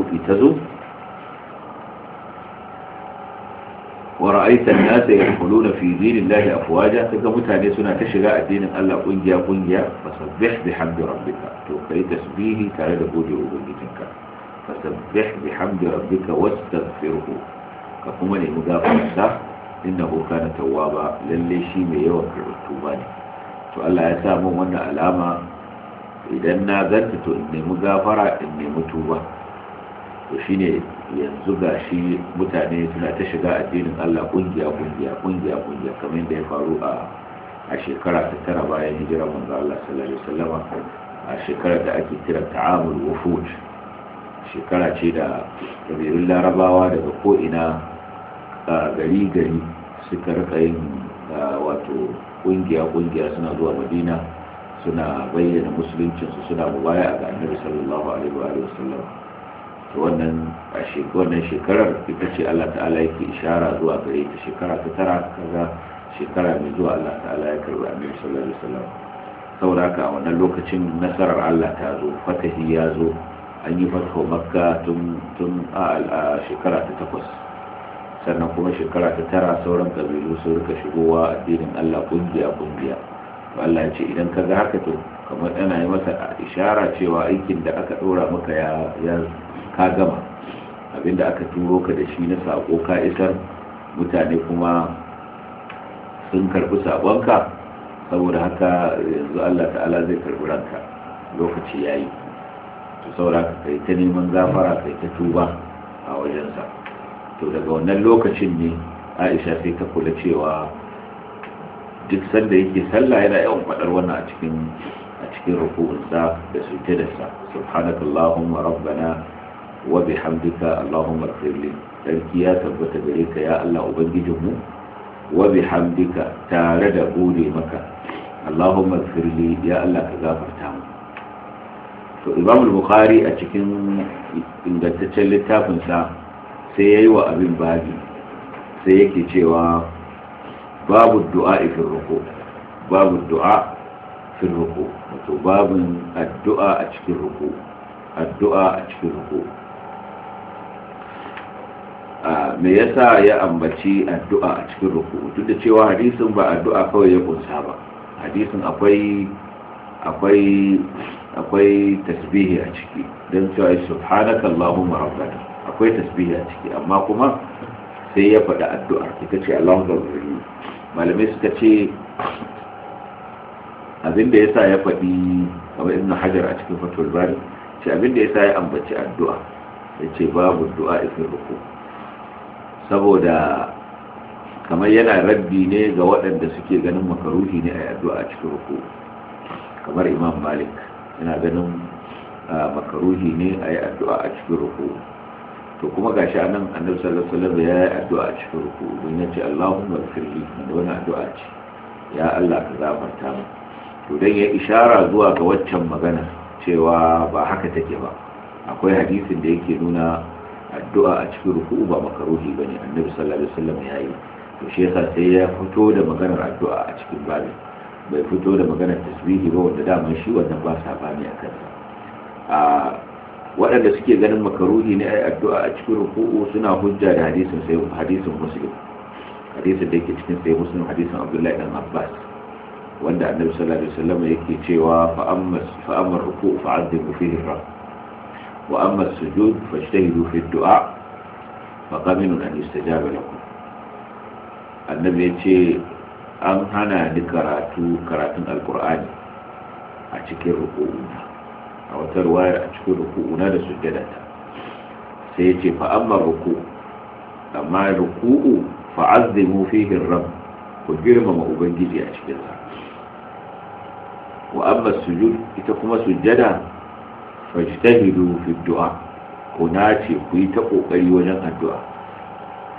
mawqufi ta zo wa ra'aita an-nasa yadkhuluna fi dinillahi afwaja kaga mutane suna ta shiga addinin Allah kungiya kungiya fasabbih bihamdi rabbika to kai tasbihi tare da gode wa ubangijinka fasabbih bihamdi rabbika wastaghfirhu ka kuma nemi gafararsa innahu kana tawwaba lalle shi mai yawan karɓar tuba ne to Allah ya sa min wannan alama idan na ganta to gafara in nemi tuba to ne yanzu ga shi mutane suna ta shiga addinin Allah kungiya kungiya kungiya kungiya kamar da ya faru a a shekara ta tara bayan hijira manzo Allah sallallahu alaihi wasallama a shekarar da ake kira ta'amul wufud shekara ce da kabilun larabawa daga ko ina gari gari suka rika yin wato kungiya kungiya suna zuwa Madina suna bayyana musuluncinsu suna mubaya ga Annabi sallallahu alaihi wa sallam wannan a wannan shekarar ita ce Allah ta'ala yake ishara zuwa gare ta shekara ta tara kaza shekara mai zuwa Allah ta'ala ya karbi annabi sallallahu alaihi wasallam saboda haka a wannan lokacin nasarar Allah ta zo fatahi ya zo an yi fatho makka tun tun a shekara ta takwas sannan kuma shekara ta tara sauran kabilu sun rika shigowa addinin Allah kungiya kungiya Allah ya ce idan ka ga haka to kamar yana yi masa ishara cewa aikin da aka dora maka ya ka gama abinda aka turo ka da shi na sako ka isar mutane kuma sun karbi sabonka saboda haka yanzu Allah ta'ala zai karbi ranka lokaci yayi to saboda kai ta neman gafara kai ta tuba a wajensa to daga wannan lokacin ne Aisha sai ta kula cewa duk sanda yake sallah yana yawan faɗar wannan a cikin a cikin rukunsa da sujjadarsa subhanakallahumma rabbana wa hamdika Allahumma ighfir li sarki ya tabbata gare ka ya Allah mu. wa hamdika tare da gode maka Allahumma ighfir li ya Allah ka gafarta mu to Imam Bukhari a cikin ingantaccen littafin sa sai yayi wa abin babi sai yake cewa babu du'a fi ruku babu du'a fi ruku wato babin addu'a a cikin ruku addu'a a cikin ruku me yasa ya ambaci addu'a a cikin ruku duk da cewa hadisin ba addu'a kawai ya kunsa ba hadisin akwai akwai akwai tasbihi a ciki don cewa subhanaka allahumma rabbana akwai tasbihi a ciki amma kuma sai ya faɗi addu'a ita ce allahumma rabbana malamai suka ce abin ya sa ya faɗi kamar ibn hajar a cikin fatul bari ce abin ya sa ya ambaci addu'a ya ce babu du'a ifin ruku saboda kamar yana rabbi ne ga waɗanda suke ganin makaruhi ne a addu'a a cikin ruku kamar imam malik yana ganin makaruhi ne a yi addu'a a cikin ruku to kuma gashi a nan annabi sallallahu alaihi ya yi addu'a a cikin ruku don ya ce allahumma firli da wani addu'a ce ya allah ka zafarta mu to dan ya ishara zuwa ga waccan magana cewa ba haka take ba akwai hadisin da yake nuna addu'a a cikin ruku'u ba makaruhi bane annabi sallallahu alaihi wasallam ya yi to shi sai ya fito da maganar addu'a a cikin babin bai fito da maganar tasbihi ba wanda daman shi wannan ba sa bani a kansa a waɗanda suke ganin makaruhi ne ai addu'a a cikin ruku'u suna hujja da hadisin sai hadisin muslim hadisin da yake cikin sai muslim hadisin abdullahi dan abbas wanda annabi sallallahu alaihi wasallam yake cewa fa amma fa amma ruku'u fa'azzimu fihi rabb وأما السجود فاجتهدوا في الدعاء فقمن أن يستجاب لكم النبي يتي أم هنا لكراتو كراتن القرآن أتكر ركوعنا أو ترواية أتكر ركوعنا لسجدتا سيتي فأما الركوع أما الركوع فعظموا فيه الرب وجرم ما أبنجي مؤبنجي أشكرها وأما السجود إتكما سجدا fajtahidu fi du'a na ce ku yi ta kokari wajen addu'a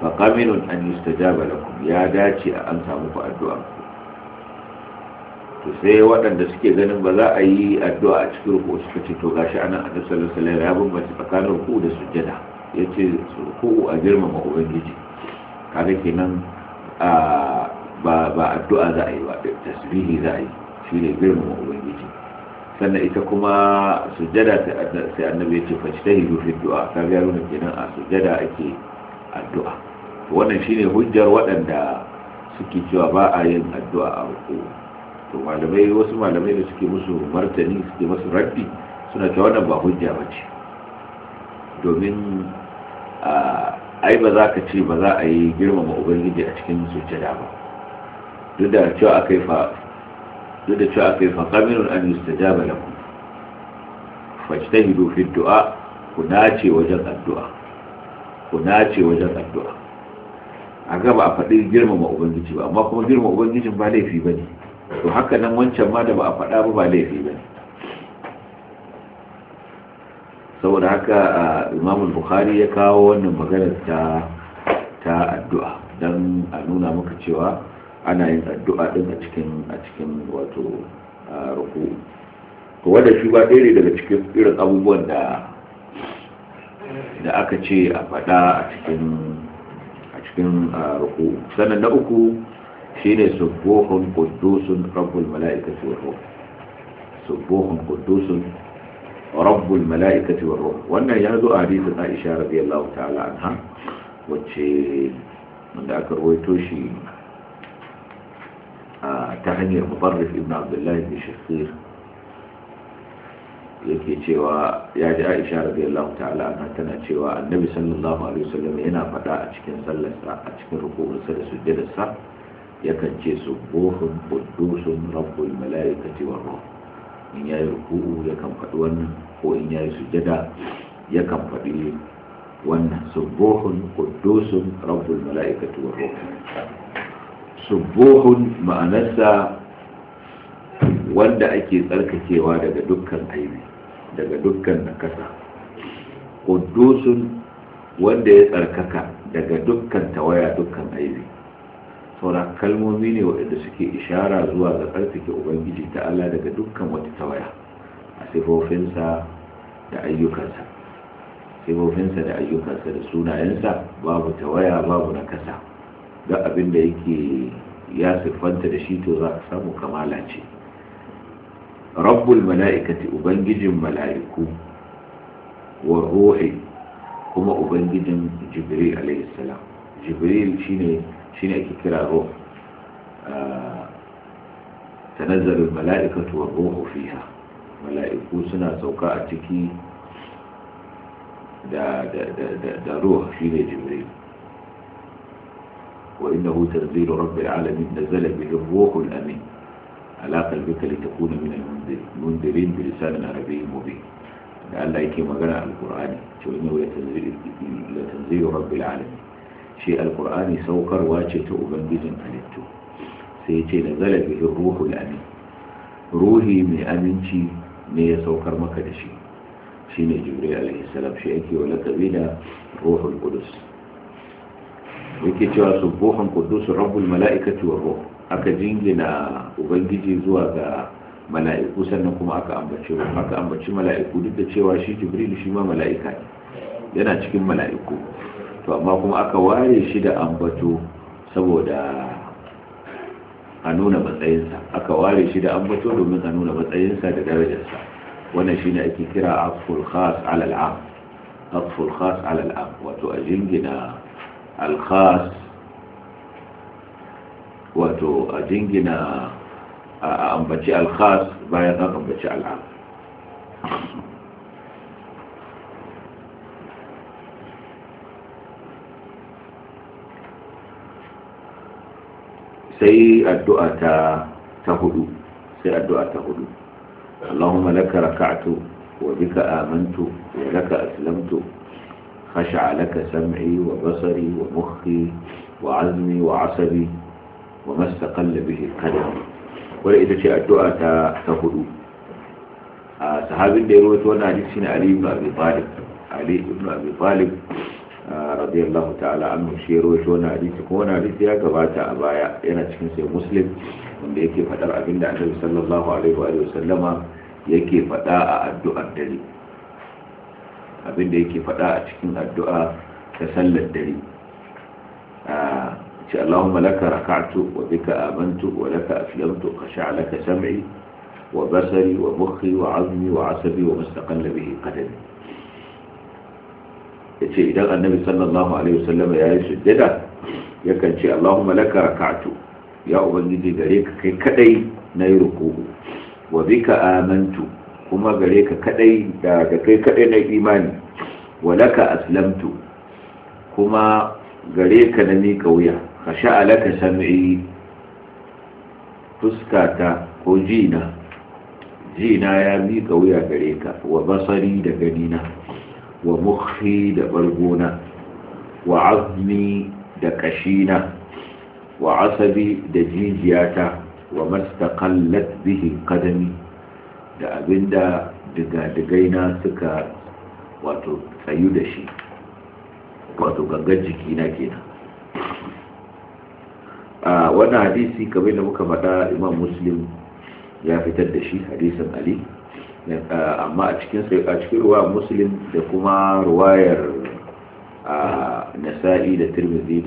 fa kamilun an yustajaba lakum ya dace a an samu ku addu'a to sai waɗanda suke ganin ba za a yi addu'a a cikin ku suka ce to gashi anan annabi sallallahu alaihi wasallam ya bambanta tsakanin ku da sujjada yace ku a girmama ubangiji kaga kenan ba ba addu'a za a yi ba tasbihi za a yi shine girmama ubangiji sannan ita kuma sujjada sai annabi ya ce ta hidu fi du'a ta ya nuna kenan a sujjada ake addu'a to wannan shine hujjar waɗanda suke cewa ba a yin addu'a a ruku to malamai wasu malamai da suke musu martani suke masu rabbi suna cewa wannan ba hujja ba ce domin ai ba za ka ce ba za a yi girmama ubangiji a cikin sujjada ba duk da cewa akai fa duk da cewa kai fa qabilun an yustajaba lakum fajtahidu fi du'a ku nace wajen addu'a ku nace wajen addu'a a gaba a faɗi girmama ubangiji ba amma kuma girmama ubangijin ba laifi ba ne to haka nan wancan ma da ba a faɗa ba ba laifi ba ne saboda haka imam bukhari ya kawo wannan maganar ta ta addu'a don a nuna maka cewa ana yin addu'a din a cikin a cikin wato ruku to wanda shi ba ɗaya daga cikin irin abubuwan da da aka ce a faɗa a cikin a cikin ruku sannan na uku shine subuhun quddusun rabbul mala'ikati wa ruh subuhun quddusun rabbul mala'ikati wa ruh wannan ya zo a hadisin Aisha radiyallahu ta'ala anha wacce wanda aka rawaito shi ta hanyar mutarrif ibn abdullahi bin shakir yake cewa ya ji aisha radiyallahu ta'ala anha tana cewa annabi sallallahu alaihi wasallam yana fada a cikin sallarsa a cikin rukunsa da sujjadarsa yakan ce subuhun quddusun rabbul malaikati war ruh in yayi ruku'u yakan faɗi wannan ko in yayi sujjada yakan faɗi wannan subuhun quddusun rabbul malaikati war ruh subuhun ma'anarsa wanda ake tsarkakewa daga dukkan aibi daga dukkan nakasa kudusun wanda ya tsarkaka daga dukkan tawaya dukkan aibi saura kalmomi ne waɗanda suke ishara zuwa ga tsarkake ubangiji ta'ala daga dukkan wata tawaya a sifofinsa da ayyukansa sifofinsa da ayyukansa da sunayensa babu tawaya babu nakasa ga abin da yake ya siffanta da shi to za ka samu kamala ce rabbul mala'ikati ubangijin mala'iku wa ruhi kuma ubangijin jibril alayhi salam jibril shine shine ake kira ruh tanazzalu mala'ikatu wa ruhu fiha mala'iku suna sauka a ciki da da da da ruh shine jibril وإنه تنزيل رب العالمين نزل به الروح الأمين على قلبك لتكون من المنذرين بلسان عربي مبين لأن يكي مغنى القرآن وإنه لتنزيل رب العالمين شيء القرآن سوكر واجهته أبنجز ألته سيتي نزل به الروح الأمين روحي من أمينتي ne ya saukar maka da shi shine jibril alaihi salam shi yake wa lakabi da ruhul qudus yake cewa subuhan kudus rabbul mala'ikati war ruh aka jingina ubangiji zuwa ga mala'iku sannan kuma aka ambace aka ambace mala'iku duk da cewa shi jibril shi ma mala'ika ne yana cikin mala'iku to amma kuma aka ware shi da ambato saboda a nuna matsayinsa aka ware shi da ambato domin a nuna matsayinsa da darajarsa wannan shine ake kira aful khas ala al'am aful khas ala al'am wato a jingina alkhas wato a dingina a ambaci alkhas bayan an ambaci al'am sai addu'a ta ta hudu sai addu'a ta hudu Allahumma laka raka'tu wa bika amantu wa aslamtu خشع لك wa basari ومخي وعزمي وعصبي وما استقل به القدم ولئذا شاء الدعاء تهدو sahabin da ya rawaito wannan hadisi ne Ali ibn Abi Talib Ali ibn Abi radiyallahu ta'ala anhu shi ya rawaito wannan hadisi kuma wannan hadisi ya gabata a baya yana cikin sai Muslim wanda yake fadar abinda Annabi sallallahu alaihi wa sallama yake faɗa a addu'ar dare abinda yake faɗa a cikin addu'a ta sallar dare ce Allahumma laka raka'tu wa bika amantu wa laka aslamtu khasha'a laka sam'i wa basari wa mukhi wa azmi wa asabi wa mustaqalla bihi qadami yace idan annabi sallallahu alaihi wasallam ya yi sujjada yakan ce Allahumma laka raka'tu ya ubangiji gare ka kai kadai nayi ruku wa bika amantu kuma gare ka kadai da kai kadai na imani walaka aslamtu kuma gare ka na miƙa wuya ka sha'alaka sam'i fuskata ko jina jina ya miƙa wuya gare ka wa basari da ganina wa mukhi da bargona wa azmi da kashina wa asabi da jijiyata wa mastaqallat bihi qadami da abin da abinda na suka wato tsayu da shi wato gangan jikina kenan a wannan hadisi kamar da muka faɗa imam muslim ya fitar da shi hadisin ali amma a cikin a cikin ruwa muslim da kuma ruwayar nasa'i da tirmidhi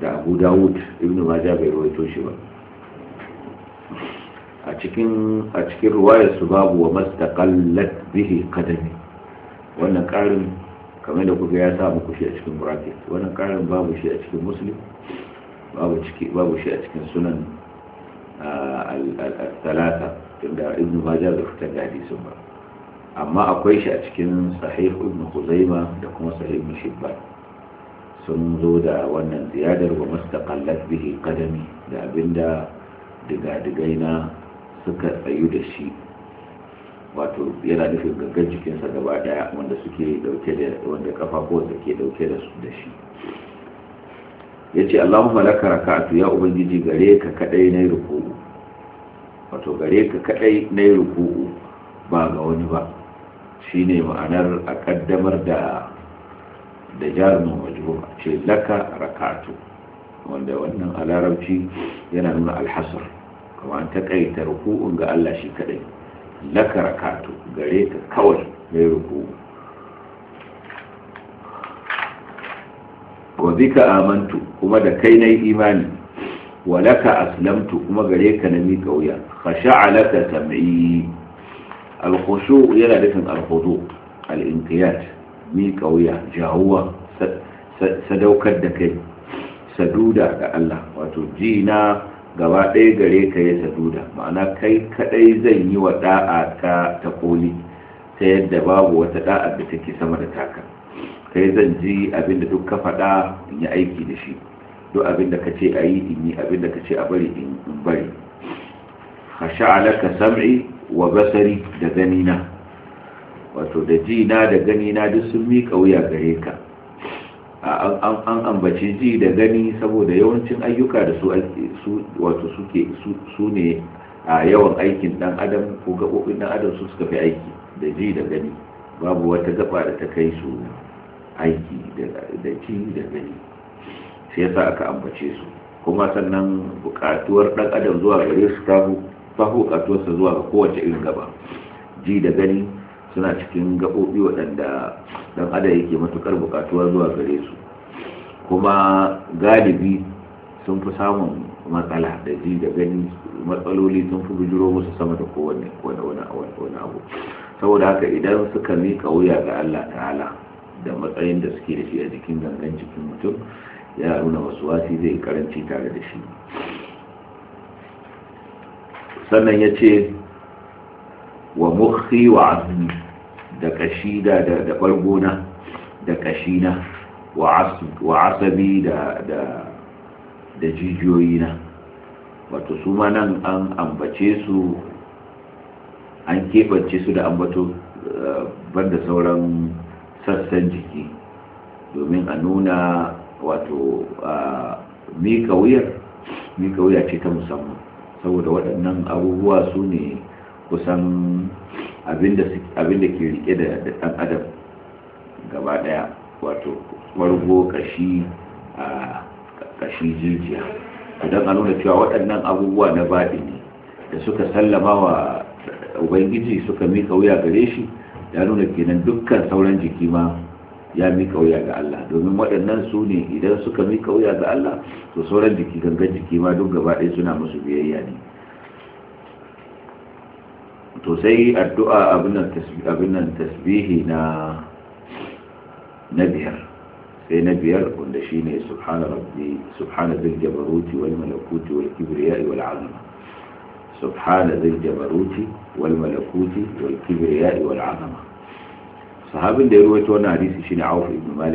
da abu dawud ibnu majah bai rawaito shi ba a cikin a cikin ruwayar su babu wa mastaqallat bihi qadami wannan karin kamar da kuka ya sa muku shi a cikin bracket wannan karin babu shi a cikin muslim babu ciki babu shi a cikin sunan al-thalatha tunda ibn majah da fitar da hadisi ba amma akwai shi a cikin sahih ibn khuzaima da kuma sahih ibn shibban sun zo da wannan ziyadar wa mastaqallat bihi qadami da abinda diga-digai na suka tsayu da shi wato yana nufin gangan jikinsa gaba daya wanda suke dauke da wanda kafafuwansa ke dauke da su da shi ya ce allahumma laka raka'atu ya ubangiji gare ka kadai na ruku'u wato gare ka kadai na ruku'u ba ga wani ba shine ma'anar a kaddamar da da jarumin wajibu ce laka raka'atu wanda wannan a larabci yana nuna alhasar kuma an taƙaita ruku'un ga Allah shi kadai laka rakatu gare ka kawai mai ruku. wa bika amantu kuma da kai nayi imani wa laka aslamtu kuma gare ka na miƙa wuya khasha'a laka sam'i alkhushu yana nufin al-khudu al-inqiyat miƙa wuya jawuwa sadaukar da kai saduda da Allah wato jina gaba ɗaya gare ka ya da ma'ana kai kaɗai zan yi wa ɗa'a ta ta koli ta yadda babu wata ɗa'a da take sama da taka kai zan ji abin da duk ka faɗa in yi aiki da shi duk abin da ka ce a yi in yi abin da ka ce a bari in bari ka sam'i wa basari da ganina wato da ji na da ganina duk sun miƙa wuya gare ka an ambaci ji da gani saboda yawancin ayyuka da su wato suke su ne a yawan aikin dan adam ko gaɓoɓin dan adam su suka fi aiki da ji da gani babu wata gaba da ta kai su aiki da ji da gani sai yasa aka ambace su kuma sannan buƙatuwar dan adam zuwa gare su ta buƙatuwarsa zuwa ga kowace irin gaba ji da gani suna cikin gaɓoɓi waɗanda ɗan adam yake matuƙar buƙatuwa zuwa gare su kuma galibi sun fi samun matsala da ji da gani matsaloli sun fi bijiro musu sama da kowane wani abu saboda haka idan suka miƙa wuya ga allah ta'ala da matsayin da suke da shi a jikin gangan cikin mutum ya nuna wasu wasi zai karanci tare da shi sannan ya ce wa mukhi wa azmi da kashi da da bargona da kashina wa asabi da da da jijiyoyina wato su ma nan an ambace su an kebance su da ambato eh, banda sauran sassan jiki domin a nuna wato eh, mika wuyar mika wuya ce ta musamman saboda waɗannan abubuwa su ne kusan abinda ke rike da ɗan adam gaba ɗaya wato wargo kashi a kashi jijiya idan a nuna cewa waɗannan abubuwa na baɗi ne da suka sallama wa ubangiji suka mika wuya gare shi ya nuna kenan dukkan sauran jiki ma ya mika wuya ga Allah domin waɗannan su ne idan suka mika wuya ga Allah to sauran jiki gangan jiki ma duk gaba ɗaya suna musu biyayya ne to sai addu'a abin nan tasbihi na na biyar sai na biyar wanda shine subhana rabbi subhana dhil jabaruti wal malakuti wal kibriya wal azma subhana dhil jabaruti wal malakuti wal kibriya wal azma sahabin da ya ruwaito wannan hadisi shine Auf ibn Malik